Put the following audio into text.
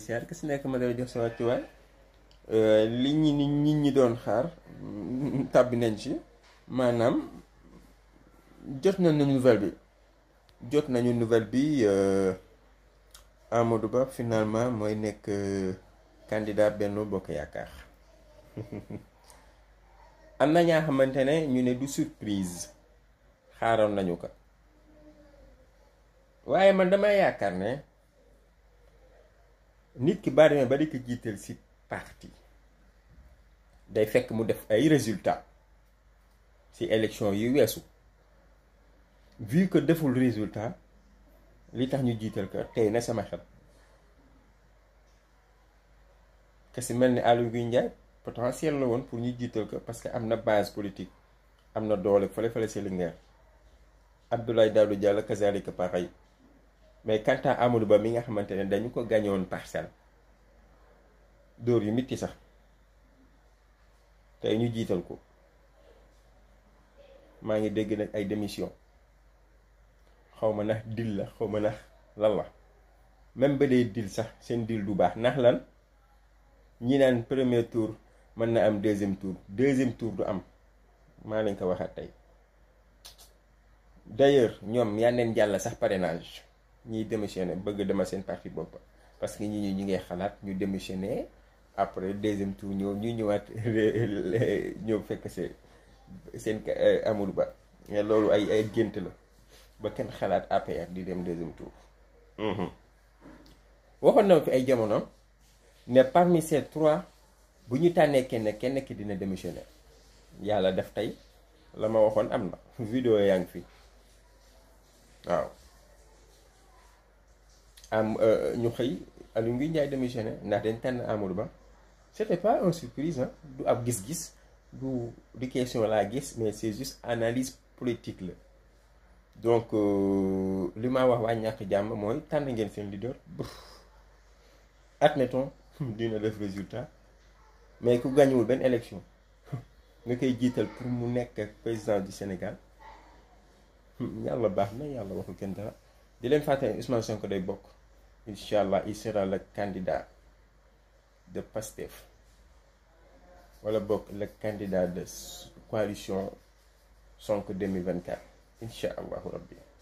siyaar ki si nekk ma lay jox sa wàccuwaay li ñi nit ñi doon xaar mm, tàbbi nañ ci maanaam jot nañu nouvelle bi jot nañu nouvelle bi euh, Amadou Ba finalement mooy nekk euh, candidat Benno Bokk Yaakaar am na ñaa xamante ne ñu ne du surprise xaaroon nañu ko waaye man dama yaakaar ne nit ki baa demee ba di ko jiital si parti day fekk mu def ay résultat ci élection yi weesu vu que deful résultat li tax ñu jiital ko tey na sama xel que si mel ni Aly Ngouille Ndiaye potentiel la woon pour ñu jiital ko parce que am na base politique am na doole fële fële si Linguère Abdoulaye Daouda Diallo kazalika yi mais quant à Ba mi nga xamante ne dañu ko gañoon parcelle dóor yu mitti sax tey ñu jiital ko maa ngi dégg nag ay démission xaw ma nax dil la xaw ma nax lan la même ba dee dil sax seen dil du baax ndax lan ñi naan premier tour mën na am deuxième tour deuxième tour du am maa leen ko waxaat tey d'ailleurs ñoom yaa neen jàll sax parrainage ñuy démissionné bëgg a demal seen parti boppa parce que ñi ñu ñu ngay xalaat ñu démissionné après deuxième tour ñëw ñu ñëwaat ñëw fekk seen seen euh, Amadou Ba loolu ay ay gént la ba kenn xalaat APR di dem deuxième tour. Mhm. waxoon na ko ay jamono ne parmi ces trois bu ñu tànnee kenn kenn ki dina démissionné yàlla def tey la ma waxoon am na vidéo yaa ngi fii waaw. am euh, ñu xëy Aliou Ngouille Ndiaye démissionné ndax dañ tànn Amadou Ba c'était pas une surprise ah du ab gis-gis du du question laa gis mais c'est juste analyse politique la donc euh, li ma wax waa ñàkk jàmm mooy tànn ngeen seen leader admettons dina def résultat mais ku gañuwul benn élection nga koy jiital pour mu nekk président du Sénégal yàlla baax na yàlla waxul kenn dara di leen fàtte Ousmane Sonko day bokk incha allah il sera le candidat de Pastef wala bokk le candidat de coalition Sonko 2024 incha allahu rabbi